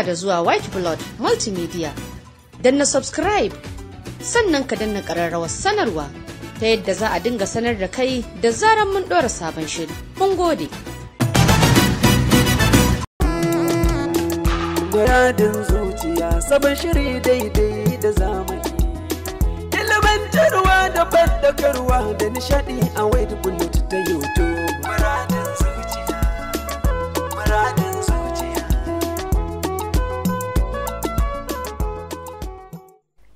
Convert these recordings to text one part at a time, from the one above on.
barka da zuwa white blood multimedia na subscribe sannan ka danna ƙararrawar sanarwa ta yadda za a dinga sanar da kai da zarar mun ɗora sabon shiri mun gode Guradin zuciya sabon shiri daidai da zamani ilimantarwa da bandakarwa da nishadi a wade ta youtube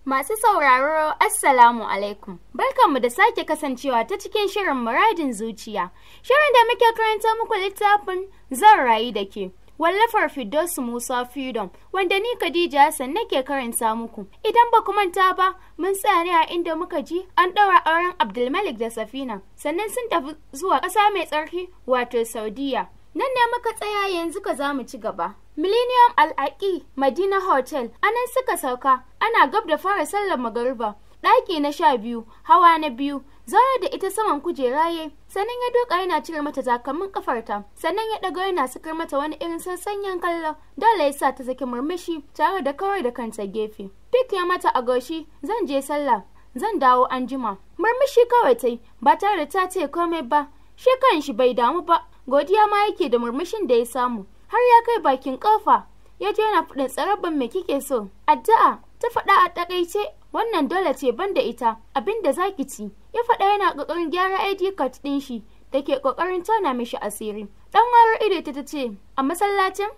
Masu sauraro, Assalamu alaikum. Barkanmu da sake kasancewa ta cikin shirin muradin zuciya. Shirin da muke karanta muku littafin zan rayu da ke. Wallafar Fidos Musa Freedom, wanda ni Khadija Hassan nake karanta muku. Idan ba manta ba, mun tsaya ne a inda muka ji an ɗaura auren Abdulmalik da Safina, sannan sun tafi zuwa ƙasa mai tsarki wato Saudiya. Nan ne muka tsaya yanzu ka za mu ci gaba. Millennium al'aki Madina Hotel Anan suka sauka ana gab da fara sallar magariba. Ɗaki na sha biyu, hawa na biyu, zaure da ita saman kujera ya sannan ya duka yana cire mata zakamin kafarta sannan ya ɗago yana sakar mata wani irin sassanyen kallo dole yasa ta saki murmushi tare da kawar da kanta gefe pik ya mata a goshi zan je sallah zan dawo an jima murmushi kawai ta yi ba tare da ta ce komai ba shi kan shi bai damu ba godiya ma yake da murmushin da ya samu har ya kai bakin kofa ya je yana fudin tsarabban mai kike so addu'a ta faɗa a takaice wannan dole ce ban da ita abin da zaki ci ya faɗa yana kokarin gyara ID card din shi da ke kokarin tona mishi asiri ɗan warar ido ta ce a masallacin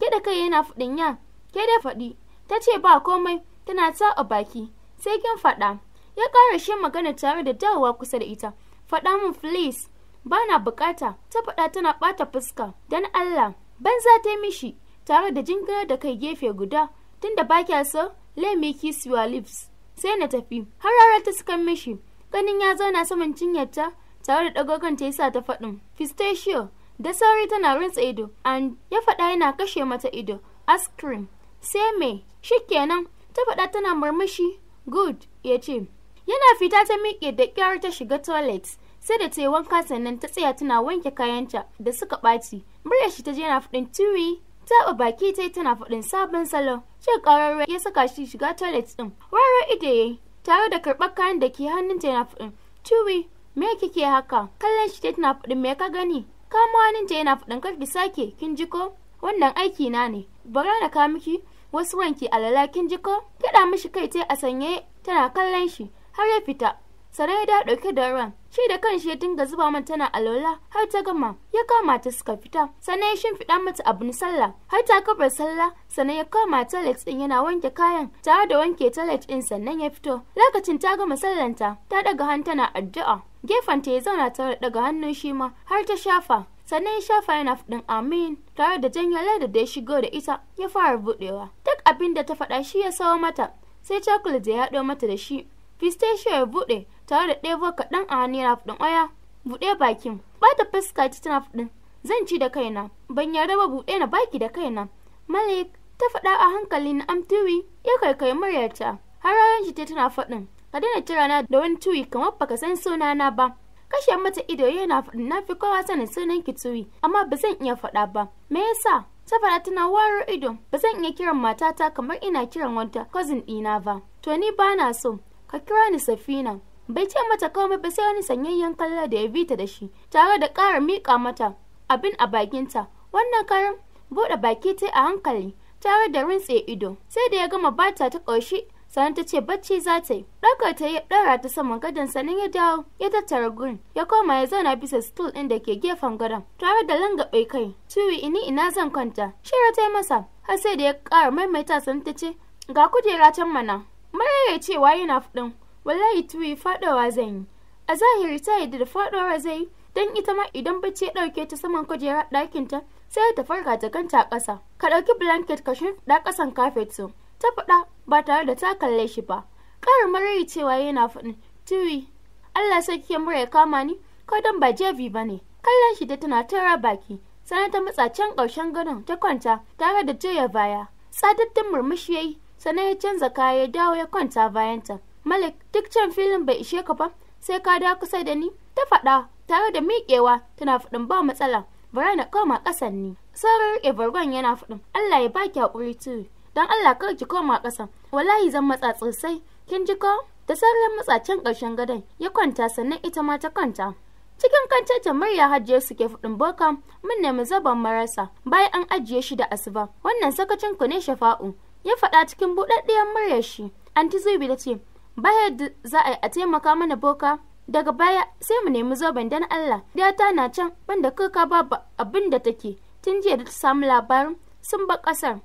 gida kai yana fudin ya ke dai faɗi ta ce ba komai tana ta a baki sai kin faɗa ya ƙara shi magana tare da dawowa kusa da ita faɗa min please bana bukata ta faɗa tana ɓata fuska dan Allah banza ta mishi tare da jingar da kai gefe guda tunda ba kya so let me kiss your lips sai na tafi har harara ta sukan mishi ganin ya zauna saman ta tare da dagogon ta yasa ta faɗin pistachio da sauri tana rinsa ido and ya faɗa yana kashe mata ido ice cream sai me shikenan ta faɗa tana murmushi good ya ce yana fita ta miƙe da ƙyar ta shiga toilet sai da ta yi wanka sannan ta tsaya tana wanke kayanta da suka ɓaci murya shi ta je yana faɗin tiwi taɓa baki ta yi tana faɗin sabon salon jin ƙararra ya saka shi shiga toilet ɗin warar ido ya tare da karɓar kayan da ke hannun yi yana faɗin tiwi me kike haka kallon shi ta tana faɗin me ka gani kamo ta yana faɗin karki sake kin ji ko wannan aiki na ne bara na ka miki wasu wanki alala kin ji ko kiɗa mishi kai ta a sanye tana kallon shi har ya fita sara ya ɗauke da ran, shi da kan shi ya dinga zuba mata tana alola. har ta gama, ya kama ta suka fita, sannan ya shimfiɗa mata abin sallah, har ta kafa sallah, sannan ya kama toilet ɗin yana wanke kayan, tare da wanke toilet ɗin sannan ya fito. Lokacin ta gama sallanta, ta ɗaga hannu tana addu'a. Gefen ta ya zauna tare ɗaga hannun shi ma har ta shafa. sannan ya shafa yana faɗin amin tare da janyo ladar da ya shigo da ita ya fara buɗewa duk abin da ta faɗa shi ya sawo mata sai chocolate da ya haɗo mata da shi fistashiyar ya buɗe tare da ɗebo kaɗan a hannu yana faɗin oya buɗe bakin bata fuska ci tana faɗin zan ci da kaina ban yarda ba buɗe na baki da kaina malik ta faɗa a hankali na amtuwi ya kai muryarta har shi shi tana faɗin ka daina kira na da wani tuwi kamar baka san sunana ba kashe mata ido yana faɗin na fi kowa sanin sunan ki tuwi amma ba zan iya faɗa ba me yasa ta faɗa tana warar ido ba zan iya kiran matata kamar ina kiran wata cousin ɗina ba to ni ba na so ka kira ni safina bai ce mata komai ba sai wani sanyayyen kalla da ya bi ta da shi tare da ƙara miƙa mata abin a bakinta wannan karin buɗe baki ta a hankali tare da rintse ido sai da ya gama bata ta ƙoshi sannan ta ce bacci za ta yi ɗaukar ta ya ɗora ta saman gadon sannan ya dawo ya tattara gurin ya koma ya zauna bisa stool ɗin da ke gefen gadon tare da langaɓe kai tuwi ini ina zan kwanta shira ta yi masa har sai da ya ƙara maimaita sannan ta ce ga kujera can mana mararai cewa yana faɗin wallahi tuwi faɗowa zan yi a zahiri ta yadda da faɗowa zai yi don ita ma idan bacci ya ɗauke ta saman kujerar ɗakinta sai ta farka ta kanta a ƙasa ka ɗauki blanket ka da ƙasan kafet su ta faɗa ba tare da ta kalle shi ba ƙarin marayi cewa yana faɗin tuwi Allah sai kike mura ya kama ni ko don ba jevi ba ne kallon shi da tana tara baki sannan ta matsa can ƙarshen gadon ta kwanta tare da jiya baya tsadaddin murmushi ya yi sannan ya canza kaya ya dawo ya kwanta bayanta malik duk can filin bai ishe ka ba sai ka da kusa da ni ta faɗa tare da miƙewa tana faɗin ba matsala bara na koma ƙasan ni sarar ebargon yana faɗin allah ya baki haƙuri turi don allah kar ki koma ƙasan wallahi zan matsa sosai kin ji ko da sarar matsacen ƙarshen gadon ya kwanta sannan ita ma ta kwanta cikin kantaccen murya hajjiyar suke fudin boka mun nemi zaban marasa bayan an ajiye shi da asuba wannan sakacin ku ne shafa'u ya faɗa cikin buɗaɗɗiyar muryar shi anti zubi da ce baya da za a yi a taimaka mana boka daga baya sai mu nemi zoben dan Allah data na can banda kuka babu abin da take tun jiya da ta samu labarin sun ba kasar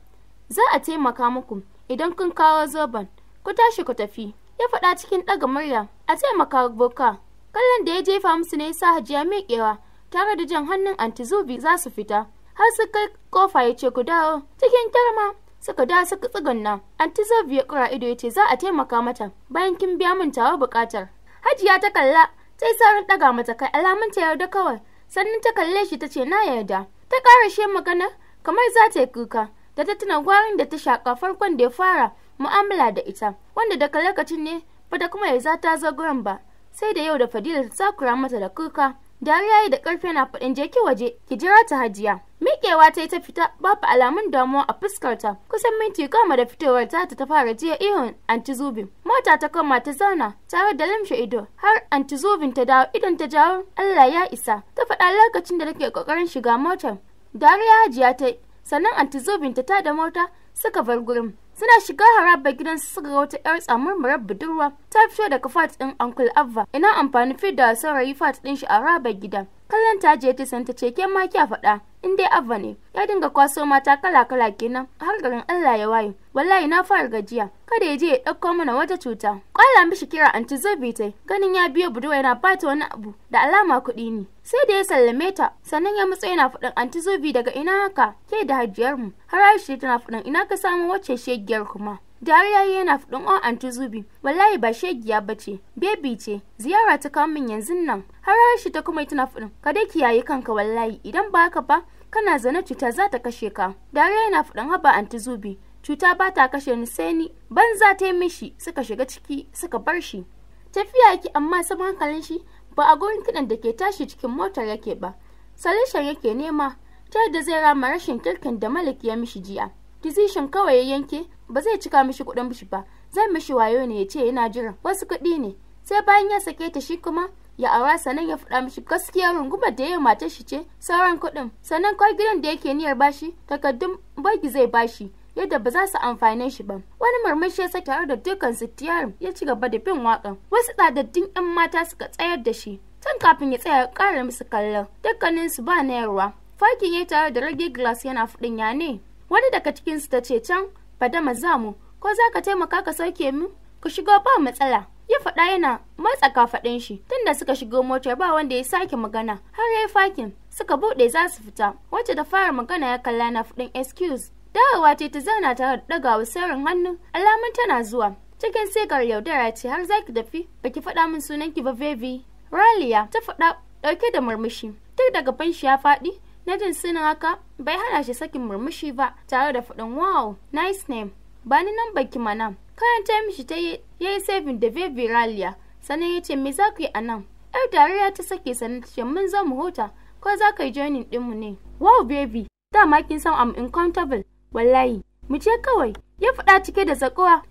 za a taimaka muku idan kun kawo zoben ku tashi ku tafi ya faɗa cikin ɗaga murya a taimaka boka kallon da ya jefa musu ne sa hajiya miƙewa tare da jan hannun anti-zubi za su fita har su kai kofa ya ce ku dawo cikin girma suka da suka tsugunna anti zabi ya kura ido ya ce za a taimaka mata bayan kin biya min tawa bukatar hajiya ta kalla ta yi saurin daga mata kai alamun ta yarda kawai sannan ta kalle shi ta ce na yarda ta kara shi magana kamar za ta yi kuka da ta tuna gwarin da ta shaka farkon da ya fara mu'amala da ita wanda daga lokacin ne ba ta kuma za ta zo ba sai da yau da fadila ta kura mata da kuka Dariya yi da karfe na faɗin je ki waje, ki jira ta hajiya. Miƙewa ta yi ta fita babu alamun damuwa a fuskarta. Kusan minti goma da fitowar ta ta fara jiya ihun anti zubin. Mota ta koma ta zauna tare da lamshe ido har anti zubin ta dawo idan ta jawo Allah ya isa. Ta faɗa lokacin da take ƙoƙarin shiga motar. Dariya hajiya ta yi sannan anti zubin ta tada mota suka bar gurin. suna shiga haraba gidan suka ga wata yar mara budurwa ta fito daga fat din uncle abba ina amfani fi da saurayi fat din shi a haraba gidan kallon ta je ta san ta ce ke ma kya faɗa in dai abba ne ya dinga kwaso mata kala kala kenan har garin Allah ya waye wallahi na fara gajiya kada ya je ya ɗauko mana wata cuta kwala mishi kira anti zobi tai ganin ya biyo budurwa yana bata wani abu da alama kuɗi ne sai da ya sallame ta sannan ya matsa yana faɗin anti zabi daga ina haka ke da hajiyar mu har Aisha tana faɗin ina ka samu wacce shegiyar kuma Dariya yana fudin o oh, anti Zubi, wallahi ba shegiya bace, bebi ce, ziyara ta kawo min yanzu nan. Har shi ta kuma tana fudin, ka dai kiyaye kanka wallahi idan ba haka ba kana zana cuta za ta kashe ka. Dariya yana fudin haba anti Zubi, cuta ba ta kashe ni sai ni, Ban za ta yi mishi suka shiga ciki suka bar shi. Tafiya yake amma sabon hankalin shi ba a gurin kiɗan da ke tashi cikin motar yake ba. Salishan yake nema ta yadda zai rama rashin kirkin da Malik ya mishi jiya. Dizishin kawai ya yanke ba zai cika mishi kuɗin bishi ba zai mishi wayo ne ya ce yana jiran wasu kuɗi ne sai bayan ya sake ta shi kuma ya aura sannan ya faɗa mishi gaskiya rungumar da ya matar shi ce sauran kuɗin sannan kawai gidan da yake niyar bashi takardun bagi zai bashi yadda ba za su amfane shi ba wani murmushi ya saki tare da dukkan su tiyarin ya ci gaba da bin waƙan wasu tsadaddun yan mata suka tsayar da shi tun kafin ya tsaya ƙara musu kallon dukkanin su ba na yarwa fakin ya tare da rage glass yana fudin ya ne wani daga cikin su ta ce can fadama za mu ko za ka taimaka ka sauke mu ku shigo ba matsala ya faɗa yana matsa kafaɗin shi tunda suka shigo motar ba wanda ya sake magana har ya yi fakin suka buɗe za su fita wacce ta fara magana ya kalla na fudin excuse dawowa ce ta zauna ta da ɗagawa hannu alamun tana zuwa cikin sigar yaudara ce har zaki tafi baki faɗa min sunan ki ba baby raliya ta faɗa ɗauke da murmushi duk daga ban shi ya faɗi na jin sunan haka bai hana shi sakin murmushi ba tare da faɗin wow nice name ba ni nan baki mana ta mishi ta yi yi saving da Raliya. sannan ya ce me za ku yi a nan yar dariya ta sake sannan ta ce mun za mu huta ko za ka yi joining ɗinmu ne wow baby dama kin san am incountable wallahi mu ce kawai ya faɗa cike da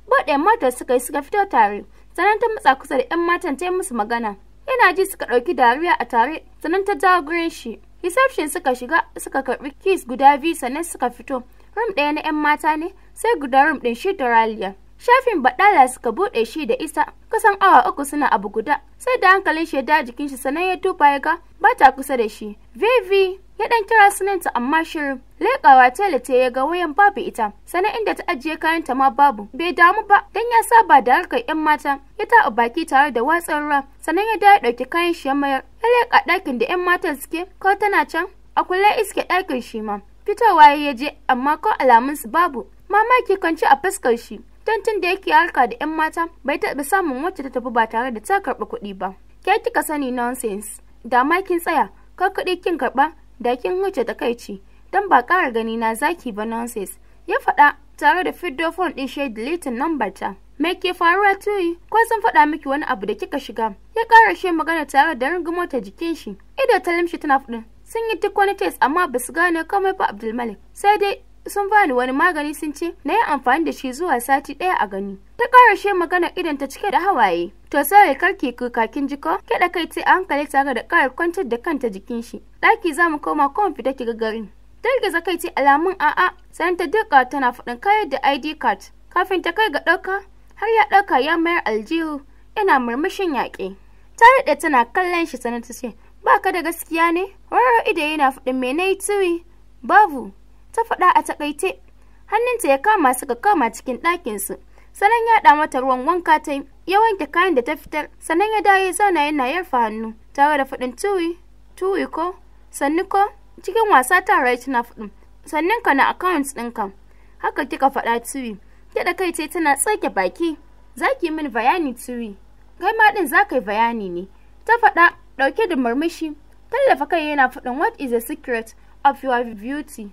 Ba ɗaya motar suka yi suka fito tare sannan ta matsa kusa da 'yan matan ta yi musu magana yana ji suka ɗauki dariya a tare sannan ta jawo gurin shi reception suka shiga suka karbi keys guda biyu sannan suka fito rum ɗaya na 'yan mata ne sai guda rum ɗin shi da raliya Shafin baɗala suka buɗe shi da isa kusan awa uku suna abu guda sai da hankalin shi da jikin shi sannan ya tuba ya ga ba ta kusa da shi. Vivi ya dan kira sunanta amma shirin leƙawa telete ya ga wayan babu ita sannan inda ta ajiye kayan ta ma babu bai damu ba dan ya saba da harkar yan mata ya taɓa baki tare da watsan ruwa sannan ya dawo ɗauki kayan shi ya mayar ya leƙa ɗakin da yan matan suke ko tana can a kulle iske ɗakin shi ma fitowa ya je amma ko alamun su babu mamaki kwanci a fuskar shi Don tun da yake harka da 'yan mata bai taɓa samun wacce ta tafi ba tare da ta karɓi kuɗi ba. Ke kika sani nonsense. Da ma kin tsaya, kar kuɗi kin karɓa, da kin huce takaici. Don ba ƙara gani na zaki ba nonsense. Ya faɗa tare da fiddo phone ɗin shi deleting number ta. Me ke faruwa tuyi? Ko sun faɗa miki wani abu da kika shiga? Ya ƙara shi magana tare da rungu mota jikin shi. Ido ta limshi tana faɗin. Sun yi duk wani test amma ba su gane komai ba Abdulmalik. Sai dai sun bani wani magani sun ce na yi amfani da shi zuwa sati ɗaya a gani ta ƙarashe magana idan ta cike da hawaye to sai karki kakin jiko kiɗa kai sai a hankali tare da ƙarar kwantar da kanta jikin shi ɗaki za mu koma kuma fita ki garin girgiza kai ce alamun a'a sanin ta duka tana faɗin kayar da id card kafin ta kai ga ɗauka har ya ɗauka ya mayar aljihu yana murmushin yaƙi ta daɗe tana kallon shi sanata ce ba ka da gaskiya ne warar ido yana faɗin me na yi babu ta faɗa a takaice hannunta ya kama su suka kama cikin ɗakinsu sannan ya ɗa mata ruwan wanka ta ya wanke kayan da ta fitar sannan ya dawo ya zauna yana yarfa hannu tare da faɗin tuwi tuwi ko sannu ko cikin wasa ta rayu tana faɗin sannan ka na account ɗinka haka kika faɗa tuwi kiɗa kai ce tana tsake baki za ki min bayani tuwi kai ma ɗin za yi bayani ne ta faɗa ɗauke da murmushi tallafa kai yana faɗin what is the secret of your beauty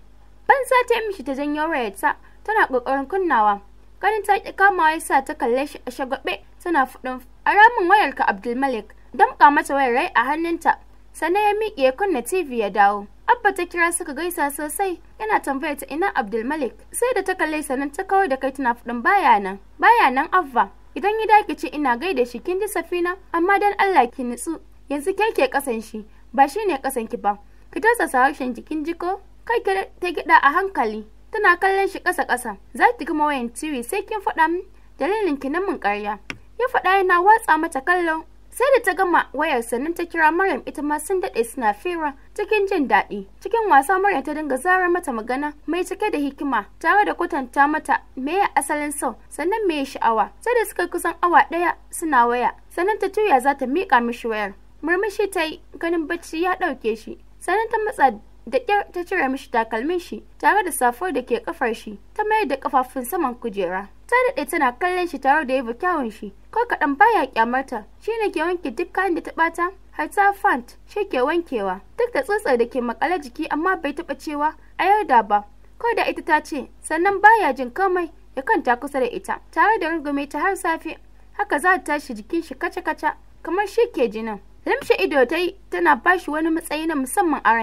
Ban sa ta mishi ta janyo wayarta tana kokarin kunnawa. Ganin ta ki kamawa ya sa ta kalle shi a shagwaɓe tana faɗin a ramin wayarka Abdulmalik damƙa mata wayar rai a hannunta. Sannan ya miƙe ya kunna TV ya dawo. Abba ta kira suka gaisa sosai yana tambayar ta ina Abdulmalik sai da ta kalle sanan ta kawar da kai tana faɗin baya nan. Baya nan Abba idan ya dake ce ina gaida shi kin ji safina amma dan Allah ki nutsu yanzu ke ke kasan shi ba shine kasan ki ba ki tasa harshen jikin jiko kai ta gida a hankali tana kallon shi ƙasa ƙasa za ki gama wayan tiwi sai kin faɗa min dalilin ki na mun ƙarya ya faɗa yana watsa mata kallo sai da ta gama wayar sannan ta kira Maryam ita ma sun daɗe suna fira cikin jin daɗi cikin wasa Maryam ta dinga zara mata magana mai cike da hikima tare da kwatanta mata meye asalin sau sannan meye sha'awa sai da suka kusan awa ɗaya suna waya sannan ta tuya za ta miƙa mishi wayar murmushi ta yi ganin bacci ya ɗauke shi sannan ta matsa da ƙyar ta cire mishi takalmin shi tare da safar da ke kafar shi ta mayar da kafafun saman kujera ta daɗe tana kallon shi tare da yaba kyawun shi ko kaɗan baya kyamarta shi ne ke wanke duk kayan da ta bata har ta fant shi ke wankewa duk da tsotsar da ke makale jiki amma bai taɓa cewa a yarda ba ko da ita ta ce sannan baya jin komai ya kanta kusa da ita tare da rungume ta har safe haka za ta tashi jikin shi kaca-kaca kamar shi ke jinin limshe ido ta yi tana bashi wani matsayi na musamman a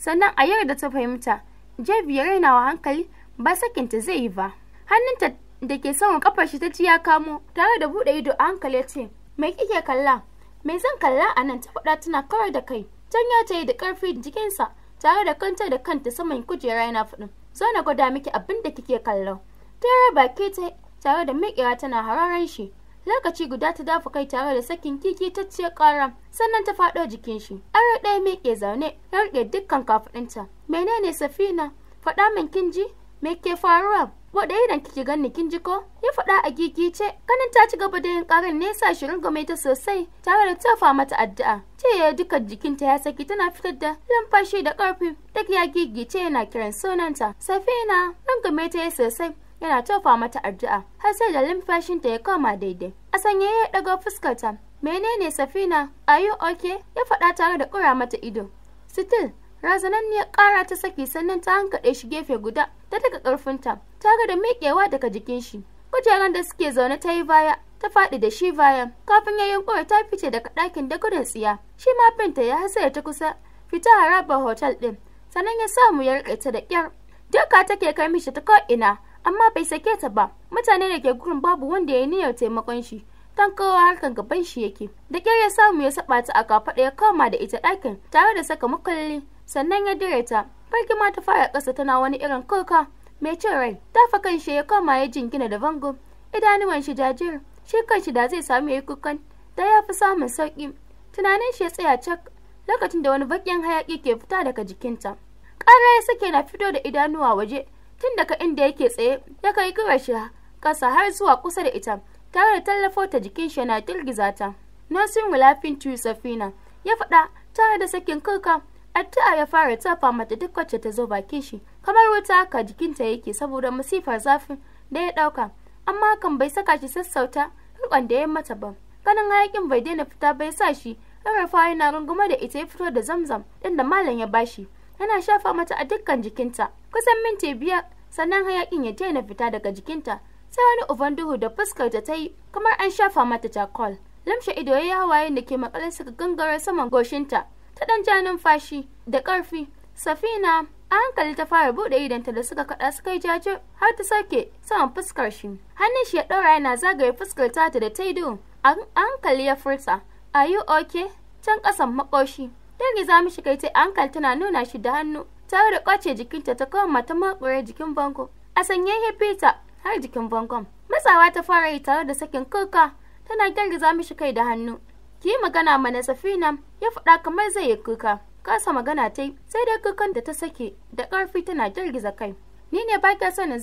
sannan a da ta fahimta jebi ya rainawa hankali ba sakinta zai yi ba hannunta da ke saman kafar shi ta ci ya kamo tare da buɗe ido a hankali ya ce mai kike kalla me zan kalla a nan ta faɗa tana kawar da kai can ya ta yi da ƙarfi jikinsa tare da kanta da kanta saman kujera yana faɗin zo na gwada miki abin da kike kallon ta baki ta tare da miƙewa tana hararen shi lokaci guda ta dafa kai tare da sakin kiki ta ce ƙara sannan ta faɗo jikin shi aro ɗaya miƙe zaune ya riƙe dukkan kafaɗinta menene safina faɗa min kin ji me ke faruwa Waɗa idan kike ganni kin ji ko? Ya faɗa a gigice, ganin ta ci gaba da yin ƙarin nesa shi rungume ta sosai tare da tafa mata addu'a. Ce ya duka jikinta ya saki tana fitar da lumfashi da ƙarfi. Duk ya gigice yana kiran sunanta. Safina rungume ta yi sosai yana tofa mata addu'a har sai da limfashinta ya koma daidai. A sanye ya ɗago fuskarta. Menene Safina? Are you okay? Ya faɗa tare da ƙura mata ido. Still, razananniyar kara ta saki sannan ta hankaɗe shi gefe guda ta daga ƙarfinta tare da miƙewa daga jikin shi. Kujeran da suke zaune ta yi baya ta faɗi da shi baya. kafin ya yunkura ta fice daga ɗakin da gudun tsiya shi ma binta ya hasa ta kusa fita harabar hotel ɗin sannan ya samu ya riƙe ta da ƙyar duka take kai mishi ta ko'ina amma bai sake ta ba mutane da ke gurin babu wanda ya yi niyyar taimakon shi tan kowa harkan gaban shi yake da kyar ya samu ya saba ta a kafaɗa ya kama da ita ɗakin tare da saka makalli sannan ya dire ta farki ma ta fara ƙasa tana wani irin kuka mai cin rai fa kan shi ya kama ya jingina da bango idanuwan shi jajir shi kan shi da zai samu yi kukan da ya fi samun sauƙi tunanin shi ya tsaya cak lokacin da wani baƙin hayaƙi ke fita daga jikinta ƙara ya sake na fito da idanuwa waje tun daga inda yake tsaye ya kai shi kasa har zuwa kusa da ita tare da tallafo ta jikin shi na girgiza ta nasin wulafin safina ya faɗa tare da sakin kanka addu'a ya fara tafa mata duk wacce ta zo bakin shi kamar wuta ka jikinta yake saboda masifar zafin da ya ɗauka amma hakan bai saka shi sassauta rikon da ya mata ba ganin hayakin bai daina fita bai sa shi rarrafa yana rungume da ita ya fito da zamzam ɗin da malam ya bashi yana shafa mata a dukkan jikinta kusan minti biyar sannan hayakin ya daina fita daga jikinta sai wani uban duhu da fuskar ta ta yi kamar an shafa mata jakol lamshe ido ya hawaye da ke makalar suka gangara saman goshinta ta dan ja numfashi da karfi safina a hankali ta fara bude idanta da suka kada suka yi jajir har ta sake saman fuskar shi hannun shi ya daura yana zagaye fuskar ta da ta yi duhu a hankali ya furta are you okay can kasan makoshi Girgiza mishi kai tai ankal tana nuna shi da hannu. Ta da kwace jikinta ta koma ta makure jikin bango. A sanye ya fita har jikin bangon. Matsawa ta fara yi tare da sakin kuka. Tana girgiza mishi kai da hannu. Ki yi magana mana safina ya faɗa kamar zai yi kuka. Kasa magana ta yi sai dai kukan da ta sake da ƙarfi tana girgiza kai. Ni ne ba kya son na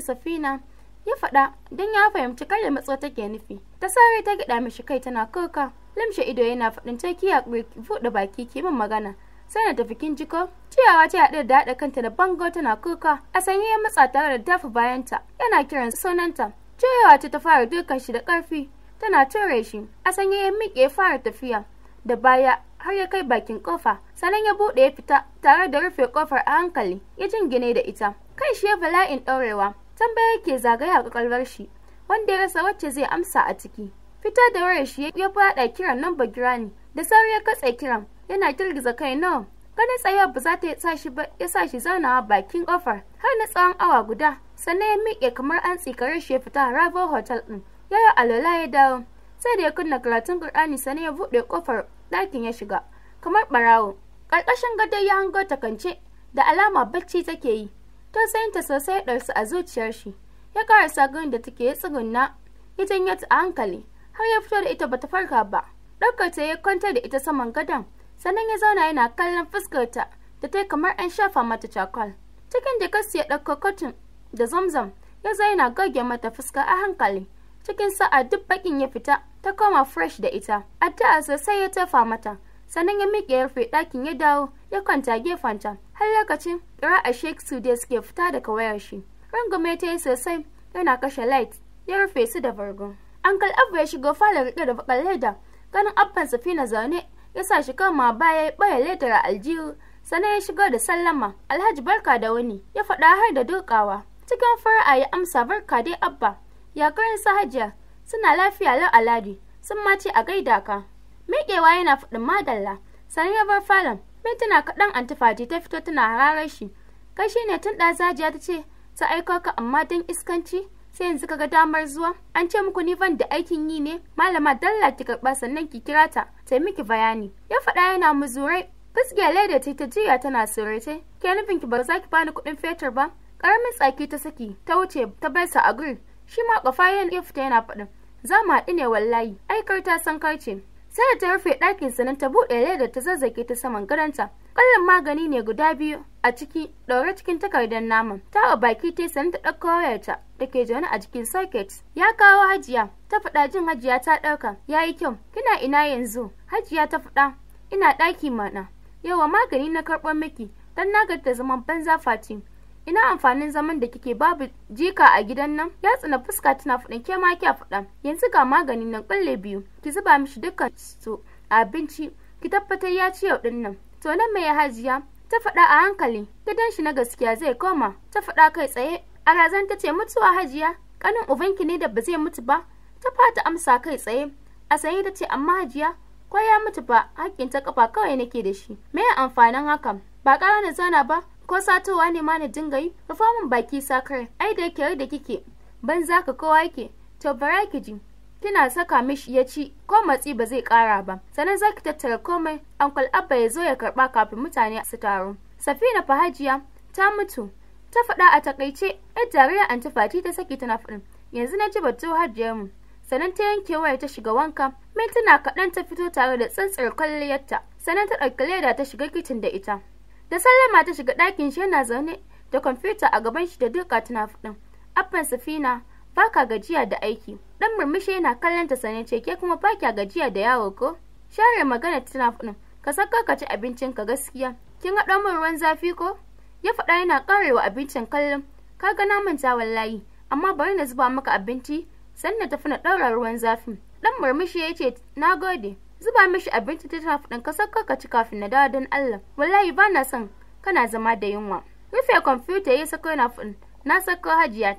safina. ya faɗa don ya fahimci kar da matso take nufi ta sare ta gida mishi kai tana kuka lamshe ido yana faɗin ta ki haƙuri baki ki magana sai na tafi kin jiko ciyawa ta haɗe da haɗa kanta da bango tana kuka a sanye ya matsa tare da tafi bayanta yana kiran sunanta ciyawa ta ta fara dukan shi da ƙarfi tana ture shi a sanye ya miƙe ya fara tafiya da baya har ya kai bakin kofa sanan ya buɗe ya fita tare da rufe kofar a hankali ya jingine da ita kai shi ya bala'in ɗaurewa tambaya ke zagaya a ƙwaƙwalwar shi wanda ya rasa wacce zai amsa a ciki fita da wayar shi ya fada kiran nan ba ne da sauri ya katse kiran yana girgiza kai no ganin tsayuwar ba za ta yi ba ya sa shi zaunawa bakin kofar har na tsawon awa guda sannan ya miƙe kamar an tsikare shi ya fita a Rabo hotel din yaya alola ya dawo sai da ya kunna karatun Qur'ani sannan ya buɗe kofar ɗakin ya shiga kamar barawo ƙarƙashin gado ya hango ta takance da alama bacci take yi tausayinta sosai ɗarsu a zuciyar shi ya karasa gurin da take ya tsugunna ya janye ta a hankali har ya fito da ita bata farka ba ɗaukar ta ya kwanta da ita saman gadon sannan ya zauna yana kallon fuskar ta da ta kamar an shafa mata cakol cikin da jakarsu ya ɗauko kotun da zamzam ya zo yana goge mata fuska a hankali cikin sa'a duk bakin ya fita ta koma fresh da ita addu'a sosai ya tafa mata sannan ya miƙe ya rufe ɗakin ya dawo ya kwanta gefen ta har lokacin ƙira a shek su da suke fita daga wayar shi rungume ta yi sosai yana kashe light ya rufe su da bargo ankal abu ya shigo falon rike da bakar leda ganin abban safina zaune ya sa shi ma baya ya ɓoye ledar a aljihu sannan ya shigo da sallama alhaji barka da wani ya faɗa har da dukawa cikin fara'a ya amsa barka dai abba ya karin hajiya suna lafiya lau aladi sun mace a gaida ka miƙewa yana faɗin madalla sannan ya bar falon mintuna kaɗan antifati ta fito tana hararar shi kai shine tun ɗazajiya ta ce ta aiko ka amma don iskanci sai yanzu kaga damar zuwa an ce muku ni ban da aikin yi ne malama dalla ki karba sannan ki kira ta ta miki bayani ya faɗa yana muzurai fuskiya leda ta ta jiya tana surete ke nufin ki ba za ki bani kuɗin fetur ba karamin tsaki ta saki ta wuce ta bai sa a guri shi ma kafa ya fita yana faɗin za mu haɗu ne wallahi aikar ta san karce sai da ta rufe ɗakin sanin ta buɗe leda ta zazzage ta saman gadonta ƙwallon magani ne guda biyu a ciki ɗaure cikin takardar naman ta a baki ta sannan ta ɗauko wayarta da ke zaune a jikin socket ya kawo hajiya ta faɗa jin hajiya ta ɗauka ya yi kyau kina ina yanzu hajiya ta faɗa ina ɗaki mana yawa magani na karɓar miki don na da zaman banza fati ina amfanin zaman da kike babu jika a gidan nan ya tsina fuska tana faɗin ke ma kya faɗa yanzu ga maganin nan ƙulle biyu ki zuba mishi dukkan su abinci ki tabbatar ya ci yau ɗin nan to nan mai hajiya ta faɗa a hankali gidan shi na gaskiya zai koma ta faɗa kai tsaye a razan ta ce mutuwa hajiya kanin ubanki ne da ba zai mutu ba ta fata amsa kai tsaye a sanyi ta ce amma hajiya ko ya mutu ba hakkin ta kafa kawai nake da shi me amfanin haka? ba ƙara na zauna ba ko satowa ne ma na dinga yi rufa min baki sakar ai da yake da kike ban za ka kowa yake to bara ki ji kina saka mishi ya ci ko matsi ba zai ƙara ba sannan za ki tattara komai ankul abba ya zo ya karɓa kafin mutane su taro. safina fa Hajiya ta mutu ta faɗa a takaice yar jariya anti fati ta saki tana faɗin yanzu na ji batu Hajiya mu sannan ta yanke waya ta shiga wanka mintuna kaɗan ta fito tare da tsantsar kwalliyarta sannan ta ɗauki leda ta shiga kicin da ita da sallama ta shiga ɗakin shi yana zaune da kwamfuta a gaban shi da duka tana faɗin abban safina baka gajiya da aiki dan murmushi yana kallon ta sannan ce ke kuma baka gajiya da yawo ko share magana tana faɗin ka saka ka ci abincin ka gaskiya kin haɗa min ruwan zafi ko ya faɗa yana ƙarewa abincin kallon ka ga naman ta wallahi amma bari na zuba maka abinci sannan tafi na ɗaura ruwan zafi. ɗan murmushi ya ce na gode zuba mishi abinci ta tafi ɗan kasar kaka ci kafin na dawo don Allah wallahi ba na son kana zama da yunwa rufe kwamfuta ya sako yana faɗin na sako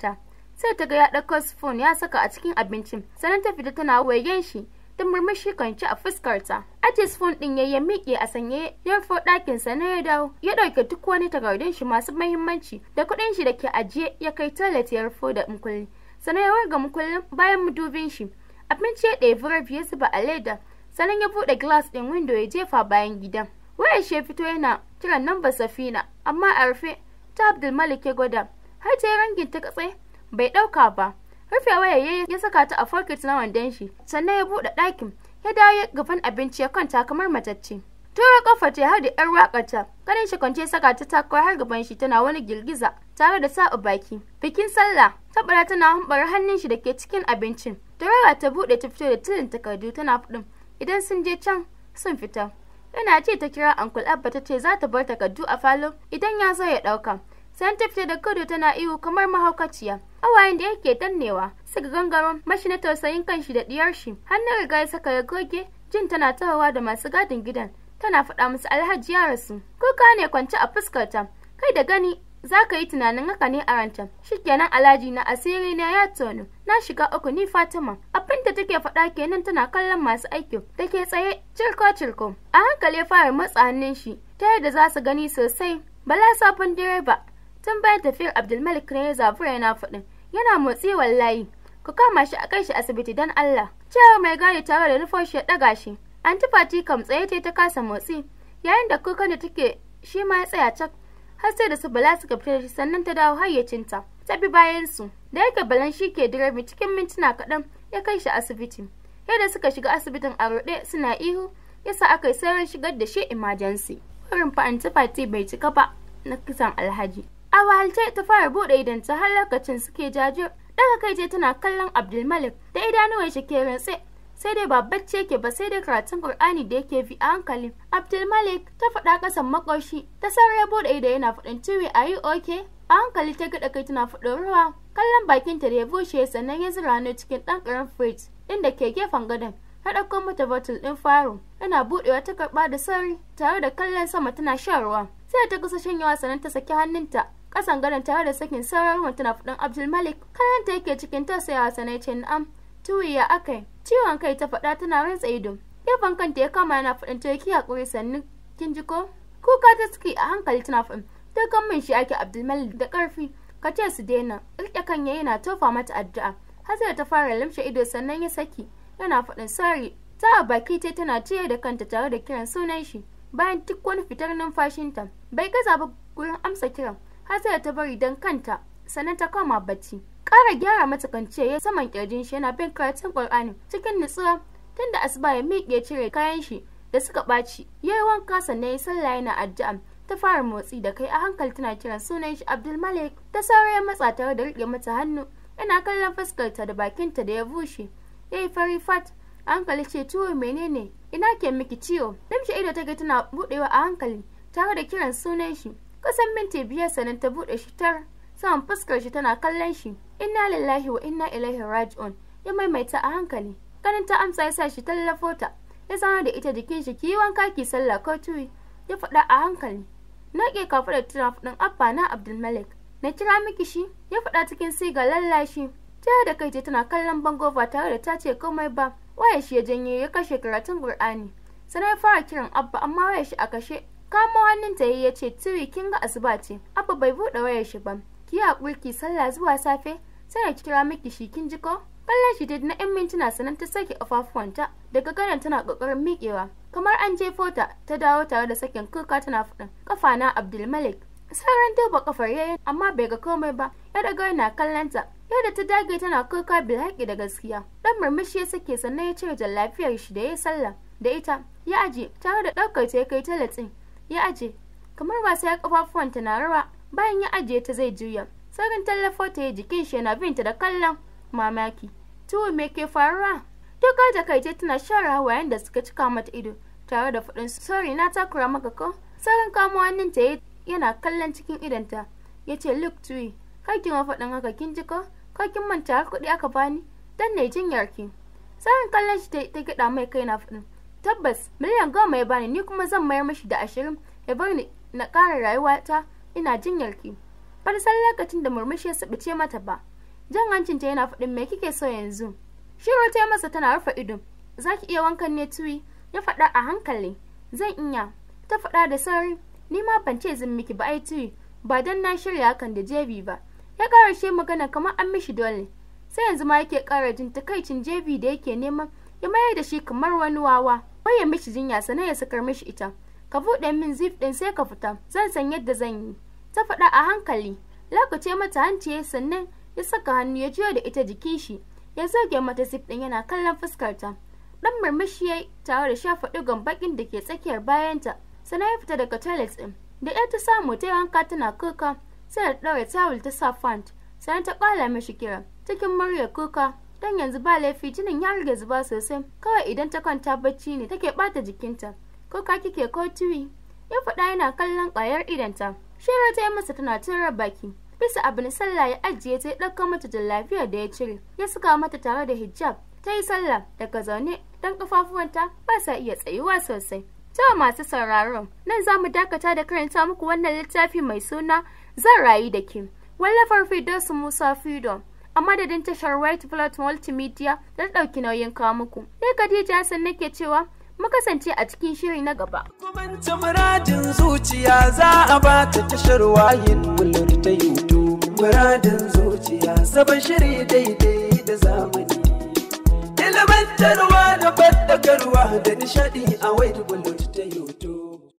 ta. sai ta ga ya ɗauko spoon ya saka a cikin abincin sannan ta fita tana wayen shi duk murmushi kan ci a fuskarta. atis fon ɗin ya yi miƙe a sanye ya rufo ɗakinsa na ya dawo ya ɗauke duk wani takardun shi masu muhimmanci. da kuɗin shi da ke ajiye ya kai toilet ya rufo da mukulli. Sannan ya warga mukullin bayan mudubin shi. Abinci ya ɗebi rabi ya zuba a leda sannan ya buɗe glass ɗin windo ya jefa bayan gidan. Wayar shi ya fito yana kiran nambar safina amma a rufe ta Abdulmalik ya gwada har ta yi rangin ta katse bai ɗauka ba. rufe waye ya saka ta a forkit na wandon shi sannan ya buɗe ɗakin ya dawo gaban abinci ya kwanta kamar matacce tura kafa ta har da yar wakarta ganin shi kwance saka ta takwa har gaban shi tana wani girgiza tare da saba baki bikin sallah tabara tana hambar hannun shi dake cikin abincin turawa ta buɗe ta fito da tilin takardu tana fudin idan sun je can sun fita ina ce ta kira uncle abba ta ce za ta bar takardu a falo idan ya zo ya ɗauka sai ta fita da kudu tana ihu kamar mahaukaciya hawayen da yake dannewa suka gangaro mashina tausayin kanshi da diyar shi har na riga ya saka ya goge jin tana tahowa da masu gadin gidan tana faɗa musu alhaji ya rasu kuka ne kwance a fuskarta kai da gani za ka yi tunanin haka ne a rancen shikenan alhaji na asiri na ya tonu na shiga uku ni fatima abin da take faɗa kenan tana kallon masu aiki da ke tsaye cirko cirko a hankali ya fara matsa hannun shi ta yadda za su gani sosai bala sabon direba tun bayan tafiyar abdulmalik ne ya zafura yana faɗin yana motsi wallahi ku kama shi a kai shi asibiti don Allah cewa mai gadi tare da nufoshi ya ɗaga shi antifati kam tsaye ce ta kasa motsi yayin da kukan da take shi ma ya tsaya cak har sai da su bala suka fita da shi sannan ta dawo hayyacinta ta bi bayan su da yake balan shi ke direbi cikin mintuna kaɗan ya kai shi asibiti yadda suka shiga asibitin a ruɗe suna ihu yasa aka yi sauran shigar da shi imajensi. Wurin fa antifati bai cika ba na kisan alhaji A wahalce ta fara buɗe ta har lokacin suke jajir. Daga kai je tana kallon Abdulmalik da idanuwan shi ke rantse. Sai dai babbar bacci yake ba sai dai karatun Kur'ani da yake fi a hankali. Abdulmalik ta faɗa ƙasan makoshi ta sarar buɗe da yana faɗin tiwi a yi oke. A hankali ta gaɗa kai tana faɗin ruwa. Kallon bakin ta da ya bushe sannan ya zira hannu cikin ɗan ƙaramin firij ɗin da ke gefen gadon. ta ɗauko mata bottle ɗin faro yana buɗewa ta karɓa da sauri tare da kallon sama tana shan ruwa sai ta kusa shanyawa sannan ta saki hannunta kasan gadon tare da sakin sauran mutuna abdul abdulmalik kanan ta yake cikin tausayawa sanai ce na'am tuwi ya akai ciwon kai ta faɗa tana rantsa ido gefen kanta ya kama yana faɗin ta yake hakuri sannu kin ji ko kuka ta suke a hankali tana fudin ta kan min shi ake abdulmalik da ƙarfi ka ce su daina rike kan yayi na tofa mata addu'a hazira ta fara limshe ido sannan ya saki yana faɗin sorry ta baki ta tana ciye da kanta tare da kiran sunan shi bayan duk wani fitar numfashinta bai gaza ba gurin amsa kiran Hajara ta bari don kanta sannan ta kama bacci. Ƙara gyara mata kance ya saman kirjin shi yana bin karatun Ƙur'ani cikin nutsuwa tunda asuba ya miƙe cire kayan shi da suka ɓaci. Ya yi wanka sannan ya sallah yana addu'a ta fara motsi da kai a hankali tana kiran sunan shi Abdulmalik ta saura ya matsa tare da riƙe mata hannu yana kallon fuskarta da bakinta da ya bushe ya yi fari fat a hankali ce tuwo menene ina ke miki ciwo limshe ido ta ga tana buɗewa a hankali tare da kiran sunan shi Kusan minti biyar sannan ta buɗe shi tar saman fuskar shi tana kallon shi. Inna lillahi wa inna ilaihi raji'un ya maimaita a hankali. Ganin ta amsa ya sa shi tallafo ta. Ya sanar da ita jikin shi ki wanka ki sallah ko tuwi. Ya faɗa a hankali. Na ke da tana faɗin abba na Abdulmalik. Na kira miki shi ya faɗa cikin siga lallashi. Ta da kai ce tana kallon bango ba tare da ta ce komai ba. Waya shi ya janye ya kashe karatun Qur'ani. Sannan ya fara kiran abba amma waya shi a kashe kamo hannun ta yi ya ce tiri kin ga asuba ce abba bai buɗe wayar shi ba ki haƙuri ki sallah zuwa safe sai ki kira miki shi kin ji ko kallon shi na yan mintuna sanan ta sake ƙafafuwanta daga ganin tana ƙoƙarin miƙewa kamar an jefo ta ta dawo tare da sakin kuka tana faɗin kafa na abdulmalik sauran duba kafar yayi amma bai ga komai ba ya daga yana kallon ta yadda ta dage tana kuka bilhaƙi da gaskiya ɗan murmushi ya sake sannan ya cire lafiyar shi da ya sallah da ita ya aji tare da ɗaukar ta ya kai talatin ya aje kamar wasa ya kafafuwanta na rawa bayan ya ajiye ta zai juya saurin tallafo ta yi jikin shi yana binta da kallon mamaki tuwo me ke faruwa dokar da kai tana share hawayen da suka cika mata ido tare da faɗin sorry na takura maka ko saurin kamo hannunta ta yana kallon cikin idonta ya ce look tuwi kai kin faɗin haka kin ji ko kai kin manta kuɗi aka bani dan ne jinyar ki saurin kallon shi ta gida mai kai na faɗin tabbas miliyan goma ya bani ni kuma zan mayar mashi da ashirin ya bar ni na ƙara rayuwata ina jinyar ki Bari san lokacin da murmushi ya sabice mata ba jan hancin ta yana faɗin me kike so yanzu shiru ta yi masa tana rufe ido zaki iya wankan ne tuwi ya faɗa a hankali zan iya ta faɗa da sauri ni ma ban ce zan miki ba ai tuwi ba dan na shirya hakan da jebi ba ya ƙarashe magana kamar an mishi dole sai yanzu ma yake ƙara jin takaicin jebi da yake neman ya mayar da shi kamar wani wawa wai ya mishi jinya sana ya sakar mishi ita ka buɗe min zif ɗin sai ka fita zan san yadda zan yi ta faɗa a hankali lokaci mata hanci ya sannan ya saka hannu ya jiyo da ita jikin shi ya zoge mata zif ɗin yana kallon fuskarta ɗan murmushi ya tare da shafa ɗigon bakin da ke tsakiyar bayanta sannan ya fita daga toilet ɗin da ya ta samu ta wanka tana kuka sai da ɗaure tawul ta sa fant sannan ta ƙwala mishi kira cikin murya kuka don yanzu ba laifi jinin ya riga zuba sosai kawai idan ta kwanta bacci ne take bata jikinta ko ka kike ko tiwi ya faɗa yana kallon ƙwayar idanta shira ta yi masa tana tura baki bisa abin sallah ya ajiye ta ya ɗauka mata da lafiyar da ya cire ya saka mata tare da hijab ta yi sallah daga zaune don kafafuwanta ba sa iya tsayuwa sosai ta masu sauraron nan za mu dakata da karanta muku wannan littafi mai suna zan rayu da ki. wallafar su musa fidon a madadin tashar White Blood Multimedia da ɗauki nauyin kawo muku. Khadija san nake cewa mu kasance a cikin shiri na gaba. Kumanta muradin zuciya za a ba ta tashar wayin mular ta YouTube. Muradin zuciya sabon shiri daidai da zamani. Ilimantarwa da fadakarwa da nishaɗi a White Blood.